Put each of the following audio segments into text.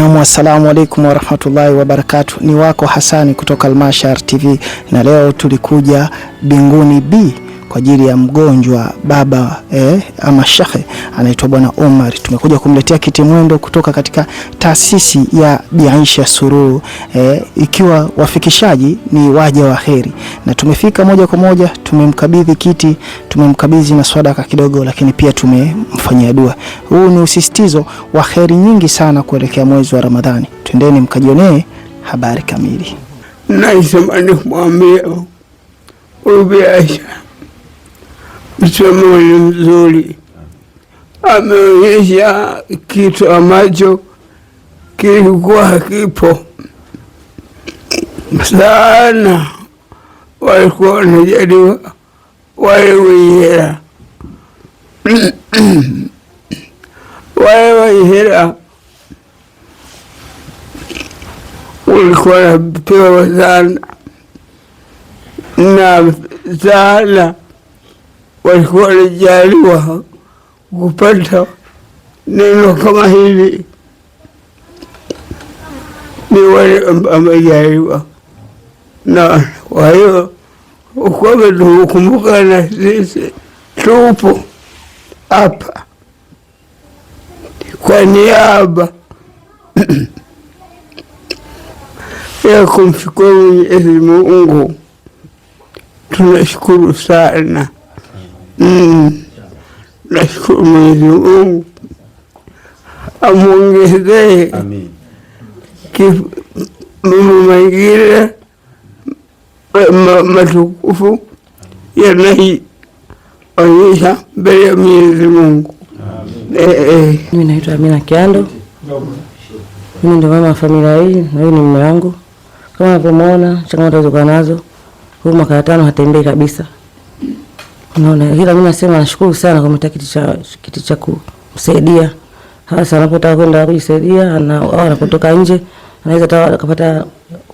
Naam, assalamu alaikum warahmatullahi wabarakatu. Ni wako Hasani kutoka Almashar TV na leo tulikuja Binguni B kwa ajili ya mgonjwa baba eh, ama shekhe anaitwa Bwana Omar. Tumekuja kumletea kitimwendo kutoka katika taasisi ya Biaisha Sururu eh, ikiwa wafikishaji ni waja wa heri, na tumefika moja kwa moja, tumemkabidhi kiti, tumemkabidhi na swadaka kidogo, lakini pia tumemfanyia dua. Huu ni usisitizo wa heri nyingi sana kuelekea mwezi wa Ramadhani. Twendeni mkajionee habari kamili. Naisema nikwambia huyu Biaisha mtia moyo mzuri, ameonyesha kitu ambacho kilikuwa hakipo sana. Walikuwa wanajaliwa wale wenye hela wale wenye hela walikuwa wanapewa sana na sana walikuwa walijaliwa kupata neno kama hili, ni wale wamejaliwa. Na kwa hiyo ukwame tukukumbuka, na sisi tupo hapa kwa niaba ya kumshukuru Mwenyezi Mungu. Tunashukuru sana. Nashukuru Mwenyezi Mungu amwongezee mambo mengine matukufu yanayoonyesha mbele ya Mwenyezi Mungu. Mimi naitwa Amina Kiando, mimi ndio mama wa familia hii na huyu ni mume wangu. Kama unavyomwona, changamoto zilizokana nazo, huyu mwaka wa tano hatembei kabisa. Unaona, ila mimi nasema nashukuru sana kwa mtakiti cha kiti cha kusaidia, hasa anapotaka kwenda kujisaidia na au anapotoka nje anaweza akapata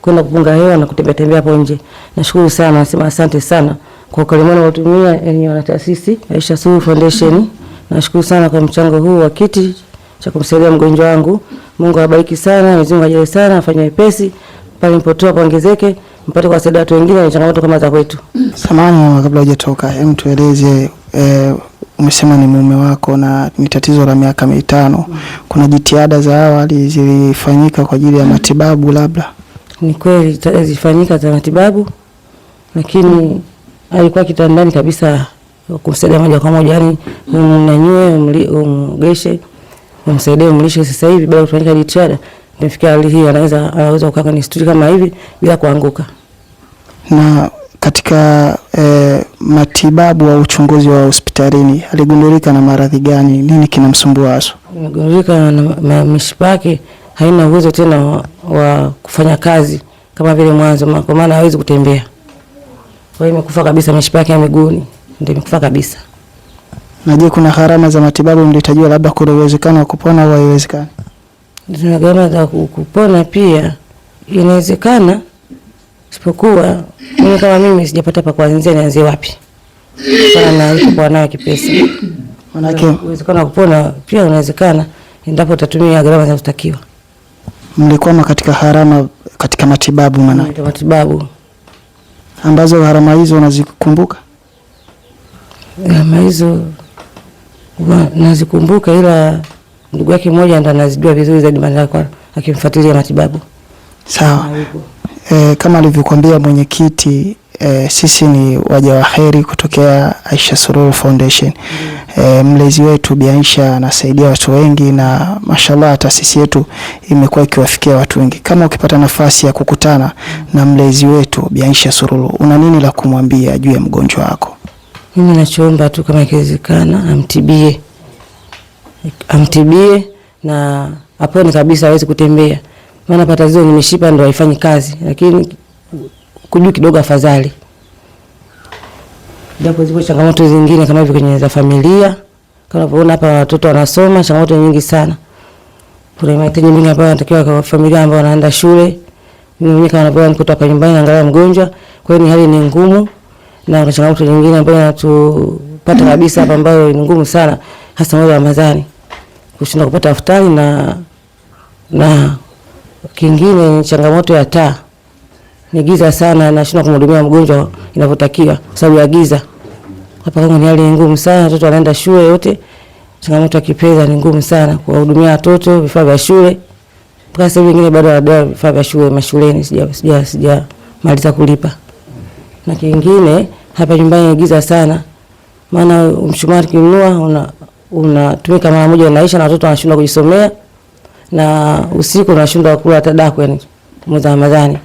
kwenda kupunga hewa na kutembea tembea hapo nje. Nashukuru sana, nasema asante sana kwa ukalimani watumia yenye yaani wana taasisi Aisha Suluhu Foundation. Nashukuru sana kwa mchango huu wa kiti cha kumsaidia mgonjwa wangu. Mungu awabariki sana, Mwenyezi Mungu ajalie sana, afanye wepesi pale mpotoa paongezeke mpate kuwasaidia watu wengine wenye changamoto kama za kwetu. Samani mama, kabla hujatoka, hem, tueleze eh, umesema ni mume wako na ni tatizo la miaka mitano. Kuna jitihada za awali zilifanyika kwa ajili ya matibabu? Labda ni kweli zilifanyika za matibabu, lakini alikuwa kitandani kabisa, kumsaidia moja kwa moja, yani mnanyue, umgeshe, umsaidie, umlishe. Sasa hivi bado kufanyika jitihada Nimefikia hali hii, anaweza anaweza kukaa kwenye stuli kama hivi bila kuanguka. Na katika eh, matibabu au uchunguzi wa hospitalini aligundulika na maradhi gani? Nini kinamsumbua hasa? Aligundulika na mishipa yake haina uwezo tena wa, wa kufanya kazi kama vile mwanzo, kwa maana hawezi kutembea. Kwa hiyo imekufa kabisa, mishipa yake ya miguuni ndio imekufa kabisa. Na je, kuna gharama za matibabu mlitajiwa, labda kuna uwezekano wa kupona au haiwezekani? zina gharama za kupona pia, inawezekana. Isipokuwa mimi kama mimi sijapata pa kuanzia, nianzie wapi? Kana na alipokuwa nayo kipesa, manake uwezekano kupona pia unawezekana endapo utatumia gharama zinazotakiwa. Mlikwama katika harama katika matibabu, manake matibabu ambazo gharama hizo unazikumbuka? Gharama hizo nazikumbuka ila ndugu yake mmoja ndo anazijua vizuri zaidi, maana kwa akimfuatilia matibabu. Sawa. E, kama alivyokuambia mwenyekiti e, sisi ni waja wa heri kutokea Aisha Sururu Foundation mm. E, mlezi wetu Bi Aisha anasaidia watu wengi na mashallah taasisi yetu imekuwa ikiwafikia watu wengi. Kama ukipata nafasi ya kukutana mm. na mlezi wetu Bi Aisha Sururu, una nini la kumwambia juu ya mgonjwa wako? Mimi nachoomba tu kama ikiwezekana amtibie amtibie na apone kabisa aweze kutembea, maana pata zile ni mishipa ndio haifanyi kazi, lakini kujua kidogo afadhali, japo zipo changamoto zingine kama hivyo kwenye za familia. Kama unavyoona hapa watoto wanasoma, changamoto nyingi sana. Kuna mahitaji mengi ambayo anatakiwa kwa familia ambao wanaenda shule. Mimi mwenyewe kama napewa niko toka nyumbani naangalia mgonjwa, kwa hiyo ni hali ni ngumu na kuna changamoto nyingine ambayo natupata kabisa hapa ambayo ni ngumu sana hasa mwezi wa Ramadhani kushinda kupata futari na, na kingine changamoto ya taa ni giza sana, nashindwa kumhudumia mgonjwa inavyotakiwa kwa sababu ya giza. Hapa kama ni hali ngumu sana, watoto wanaenda shule yote. Changamoto ya kifedha ni ngumu sana kuwahudumia watoto, vifaa vya shule mpaka sasa wengine bado wanadai vifaa vya shule mashuleni, sija sija sija maliza kulipa. Na kingine hapa nyumbani ni giza sana, maana mshumaa kinunua una unatumika mara moja unaisha, na watoto wanashindwa kujisomea na usiku unashindwa kula hata daku. Yani mwezi wa Ramadhani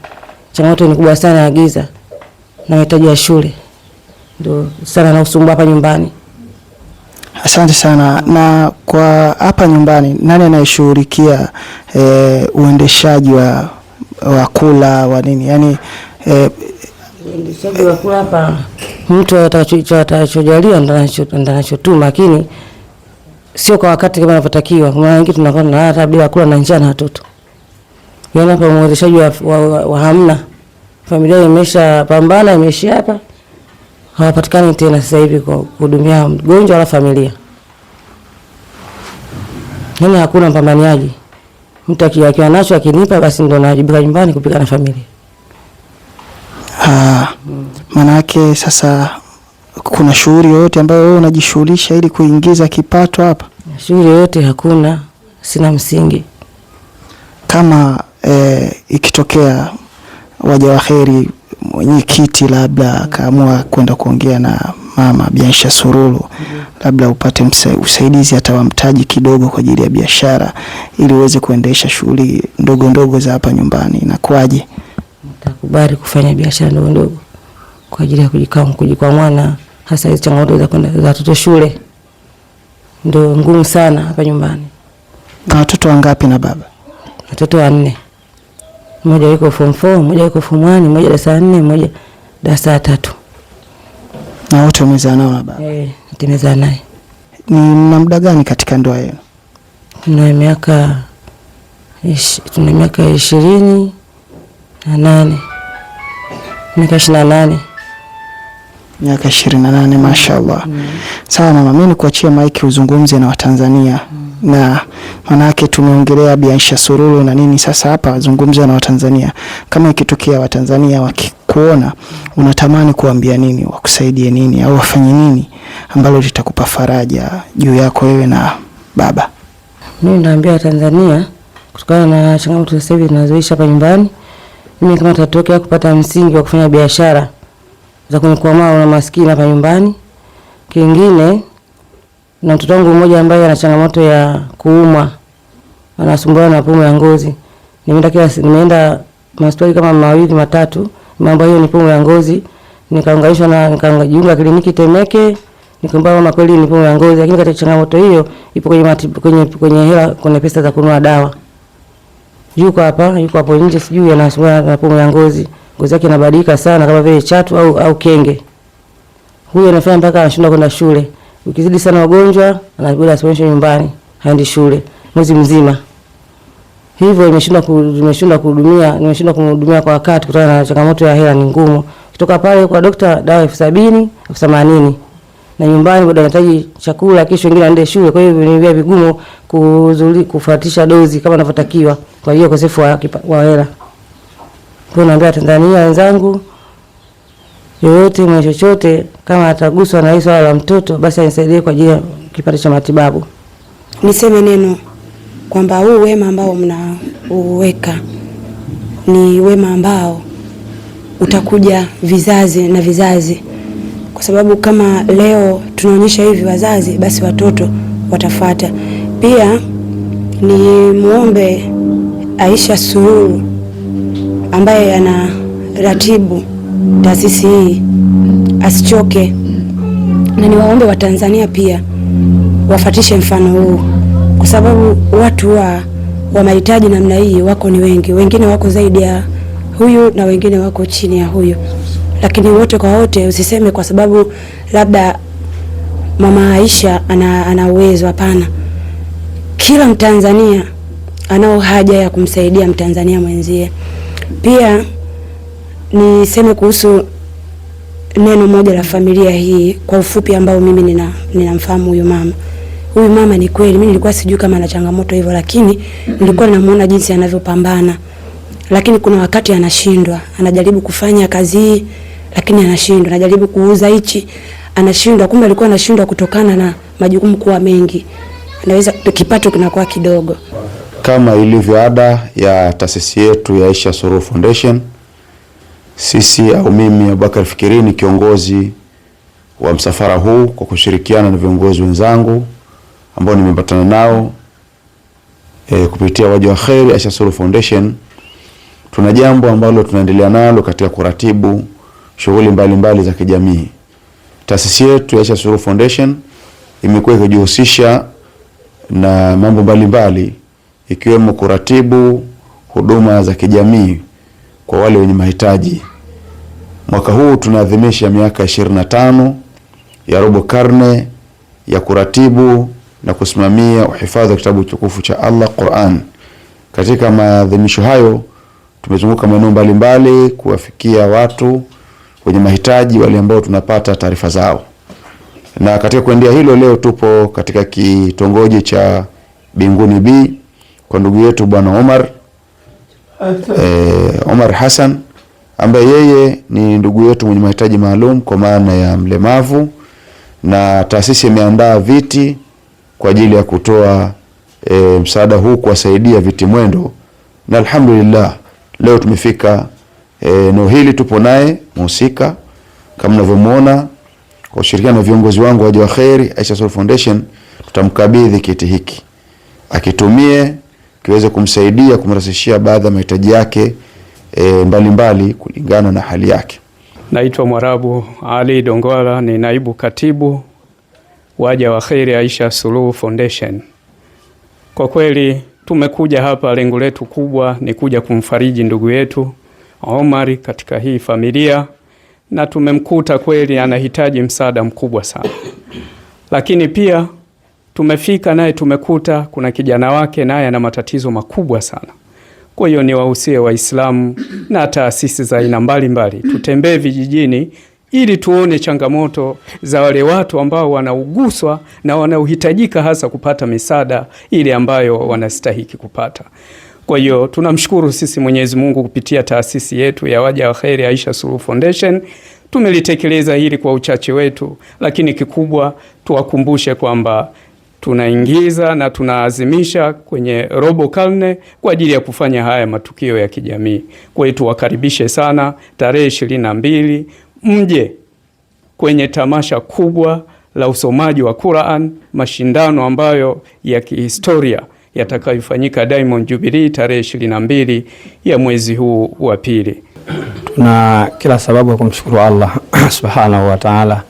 changamoto ni kubwa sana ya giza na mahitaji ya shule ndio sana nausumbua hapa nyumbani. Asante sana. Na kwa hapa nyumbani nani anayeshughulikia e, uendeshaji wa wa kula wa nini yani e, uendeshaji wa kula hapa mtu atachojalia ndio anachotuma, lakini sio kwa wakati kama inavyotakiwa. Maana nyingi tunakuwa na hata bila kula na njaa na watoto. Yaani hapa mwezeshaji wa, wa, wa, wa hamna. Familia imesha pambana imeishi hapa. Hawapatikani tena sasa hivi kwa kuhudumia mgonjwa wala familia. Yaani hakuna mpambaniaji. Mtu akiwa nacho akinipa basi ndo najibika nyumbani kupika na familia. Ah, maana yake sasa kuna shughuli yoyote ambayo wewe unajishughulisha ili kuingiza kipato hapa? Shughuli yoyote hakuna, sina msingi. Kama e, ikitokea waja waheri mwenyekiti labda akaamua kwenda kuongea na Mama Biansha Sururu, labda upate usaidizi hata wa mtaji kidogo kwa ajili ya biashara ili uweze kuendesha shughuli ndogo ndogo za hapa nyumbani, inakuwaje? Nitakubali kufanya biashara ndogo ndogo? kwa ajili ya kujikwa mwana, hasa hizo changamoto za kwenda za watoto shule ndio ngumu sana hapa nyumbani. Na watoto wangapi na baba? Watoto wanne, mmoja yuko form 4, mmoja yuko form 1, mmoja darasa 4, mmoja darasa tatu. Na wote umezaa nao na baba? Eh, nimezaa naye. Ni na muda gani katika ndoa yenu? Tuna miaka tuna miaka ishirini na nane miaka ishirini na nane miaka ishirini na nane mashallah. mm. Sawa mama, mimi nikuachie maiki uzungumze na Watanzania mm. na manake tumeongelea Biaisha Sururu na nini, sasa hapa zungumza na Watanzania. Kama ikitokea Watanzania wakikuona unatamani kuambia nini, wakusaidie nini au wafanye nini ambalo litakupa faraja juu yako wewe na baba? Mimi naambia Watanzania kutokana na changamoto sasa hivi tunazoishi hapa nyumbani, mimi kama tatokea kupata msingi wa kufanya biashara za kunikwamua na maskini hapa nyumbani. Kingine na mtoto wangu mmoja ambaye ana changamoto ya kuumwa, anasumbua na pumu ya ngozi. Nimeenda kila nimeenda hospitali kama mawili matatu, mambo hiyo ni pumu ya ngozi, nikaunganishwa na nikajiunga kliniki Temeke, nikamwambia mama, kweli ni pumu ya ngozi, lakini katika changamoto hiyo ipo kwenye matibabu, kwenye kwenye hela, kwenye pesa za kununua dawa. Yuko hapa, yuko hapo nje, sijui anasumbua na pumu ya ngozi ngozi yake inabadilika sana kama vile chatu au, au kenge. Huyu anafanya mpaka anashindwa kwenda shule. Ukizidi sana wagonjwa anabidi asimamishwe nyumbani, haendi shule mwezi mzima. Hivyo imeshindwa imeshindwa kuhudumia, imeshindwa kumhudumia kwa wakati kutokana na changamoto ya hela ni ngumu. Kutoka pale kwa daktari dawa elfu sabini, elfu themanini. Na nyumbani bado anahitaji chakula, kesho wengine aende shule. Kwa hiyo ni vigumu kuzuri kufuatisha dozi kama anavyotakiwa. Kwa hiyo ukosefu wa hela kwa naambia Tanzania wenzangu, yoyote mwenye chochote kama ataguswa na hii swala la mtoto, basi anisaidie kwa ajili ya kipato cha matibabu. Niseme neno kwamba huu wema ambao mnauweka ni wema ambao utakuja vizazi na vizazi, kwa sababu kama leo tunaonyesha hivi wazazi, basi watoto watafata pia. Ni muombe Aisha Suluhu ambaye ana ratibu taasisi hii asichoke, na niwaombe Watanzania pia wafatishe mfano huu, kwa sababu watu wa, wa mahitaji namna hii wako ni wengi, wengine wako zaidi ya huyu na wengine wako chini ya huyu, lakini wote kwa wote usiseme kwa sababu labda mama Aisha ana, ana uwezo. Hapana, kila Mtanzania anao haja ya kumsaidia Mtanzania mwenzie. Pia niseme kuhusu neno moja la familia hii kwa ufupi, ambao mimi nina ninamfahamu huyu mama. Huyu mama ni kweli, mimi nilikuwa sijui kama ana changamoto hivyo, lakini nilikuwa namuona jinsi anavyopambana, lakini kuna wakati anashindwa, anajaribu kufanya kazi hii lakini anashindwa, anajaribu kuuza hichi anashindwa. Kumbe alikuwa anashindwa kutokana na majukumu kuwa mengi, anaweza kipato kinakuwa kidogo. Kama ilivyo ada ya taasisi yetu ya Aisha Suluhu Foundation, sisi au mimi Abubakar Fikiri ni kiongozi wa msafara huu kwa kushirikiana na viongozi wenzangu ambao nimepatana nao e, kupitia waja wa kheri Aisha Suluhu Foundation. Tuna jambo ambalo tunaendelea nalo katika kuratibu shughuli mbalimbali za kijamii. Taasisi yetu ya Aisha Suluhu Foundation imekuwa ikijihusisha na mambo mbalimbali mbali ikiwemo kuratibu huduma za kijamii kwa wale wenye mahitaji. Mwaka huu tunaadhimisha miaka 25 ya robo karne ya kuratibu na kusimamia uhifadhi wa kitabu tukufu cha Allah Quran. Katika maadhimisho hayo tumezunguka maeneo mbalimbali kuwafikia watu wenye mahitaji, wale ambao tunapata taarifa zao, na katika kuendea hilo, leo tupo katika kitongoji cha Binguni B bi, kwa ndugu yetu bwana Omar eh, Omar Hassan ambaye yeye ni ndugu yetu mwenye mahitaji maalum kwa maana ya mlemavu, na taasisi imeandaa viti kwa ajili ya kutoa e, msaada huu kuwasaidia viti mwendo, na alhamdulillah leo tumefika eh, eneo hili, tupo naye mhusika kama mnavyomuona, kwa ushirikiano na viongozi wangu wa Jawaheri Aisha Soul Foundation, tutamkabidhi kiti hiki akitumie kiweze kumsaidia kumrahisishia baadhi ya mahitaji yake mbalimbali e, mbalimbali kulingana na hali yake. Naitwa Mwarabu Ali Dongola, ni naibu katibu waja wa kheri Aisha Suluhu Foundation. Kwa kweli tumekuja hapa, lengo letu kubwa ni kuja kumfariji ndugu yetu Omari katika hii familia, na tumemkuta kweli anahitaji msaada mkubwa sana, lakini pia tumefika naye tumekuta kuna kijana wake naye ana matatizo makubwa sana. Kwa hiyo ni wahusie Waislamu na taasisi za aina mbalimbali tutembee vijijini ili tuone changamoto za wale watu ambao wanauguswa na wanaohitajika hasa kupata misaada ile ambayo wanastahiki kupata. Kwa hiyo tunamshukuru sisi Mwenyezi Mungu kupitia taasisi yetu ya Waja wa Kheri Aisha Suluhu Foundation tumelitekeleza hili kwa uchache wetu, lakini kikubwa tuwakumbushe kwamba tunaingiza na tunaazimisha kwenye robo karne kwa ajili ya kufanya haya matukio ya kijamii. Kwa hiyo tuwakaribishe sana tarehe ishirini na mbili mje kwenye tamasha kubwa la usomaji wa Qur'an, mashindano ambayo ya kihistoria yatakayofanyika Diamond Jubilee tarehe ishirini na mbili ya mwezi huu wa pili. Tuna kila sababu ya kumshukuru Allah subhanahu wa ta'ala,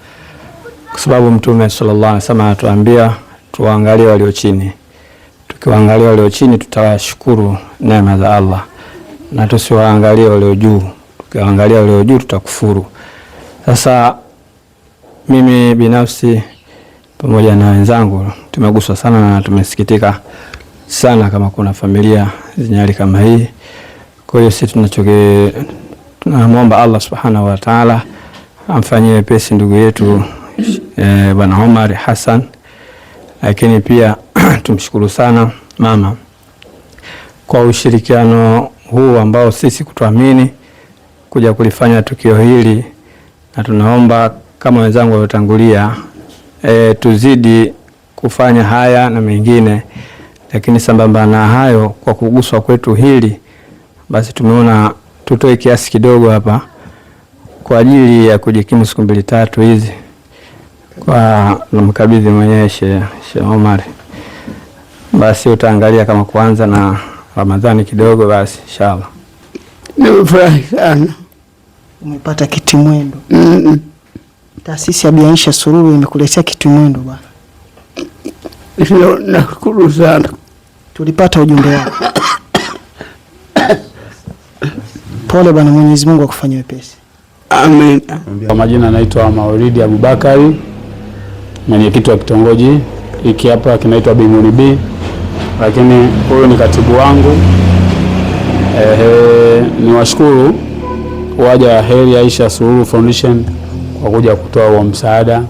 kwa sababu Mtume sallallahu alaihi wasallam anatuambia tuwaangalie walio chini. Tukiwaangalia walio chini, tutawashukuru neema za Allah, na tusiwaangalie walio juu. Tukiwaangalia walio juu, tutakufuru. Sasa mimi binafsi pamoja na wenzangu tumeguswa sana na tumesikitika sana kama kuna familia zenye hali kama hii. Kwa hiyo sisi tunachoke tunamwomba Allah subhanahu wa ta'ala amfanyie pesi ndugu yetu eh, Bwana Omar Hassan lakini pia tumshukuru sana mama kwa ushirikiano huu ambao sisi kutuamini kuja kulifanya tukio hili, na tunaomba kama wenzangu waliotangulia, e, tuzidi kufanya haya na mengine. Lakini sambamba na hayo, kwa kuguswa kwetu hili, basi tumeona tutoe kiasi kidogo hapa kwa ajili ya kujikimu siku mbili tatu hizi kwa namkabidhi mwenyewe Sheikh Omar, basi utaangalia kama kuanza na Ramadhani kidogo, basi inshallah. Nimefurahi sana umepata kitimwendo. mm -mm. Taasisi ya Biaisha Sururu imekuletea kitimwendo bwana. Ndio, nashukuru sana, tulipata ujumbe wako. Pole bwana, Mwenyezi Mungu akufanyie wepesi. Amen. Kwa majina anaitwa Maulidi Abubakari mwenyekiti wa kitongoji hiki hapa kinaitwa Binguni B, lakini huyu ni katibu wangu. Ehe, niwashukuru waja wa Heri Aisha Suluhu Foundation kwa kuja kutoa huo msaada,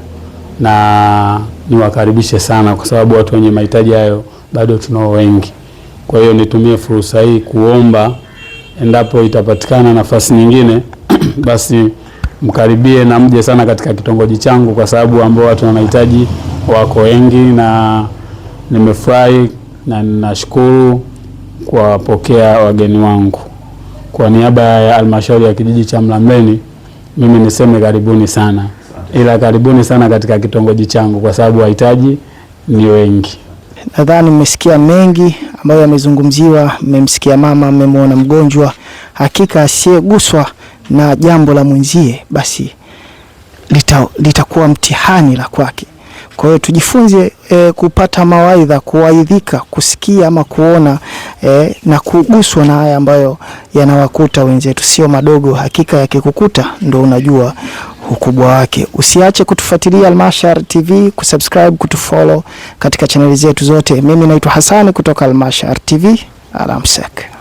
na niwakaribishe sana, kwa sababu watu wenye mahitaji hayo bado tunao wengi. Kwa hiyo nitumie fursa hii kuomba endapo itapatikana nafasi nyingine basi mkaribie na mje sana katika kitongoji changu, kwa sababu ambao watu wanahitaji mahitaji wako wengi, na nimefurahi na ninashukuru kuwapokea wageni wangu. Kwa niaba ya halmashauri ya kijiji cha Mlambeni, mimi niseme karibuni sana, ila karibuni sana katika kitongoji changu, kwa sababu wahitaji ni wengi. Nadhani mmesikia mengi ambayo yamezungumziwa, mmemsikia mama, mmemwona mgonjwa, hakika asiyeguswa na jambo la mwenzie, basi litakuwa lita mtihani la kwake. Kwa hiyo tujifunze e, kupata mawaidha, kuwaidhika, kusikia ama kuona e, na kuguswa na haya ambayo yanawakuta wenzetu, sio madogo. Hakika yakikukuta ndo unajua ukubwa wake. Usiache kutufuatilia Almashar TV, kusubscribe, kutufollow katika chaneli zetu zote. Mimi naitwa Hasani kutoka Almashar TV. Alamsek.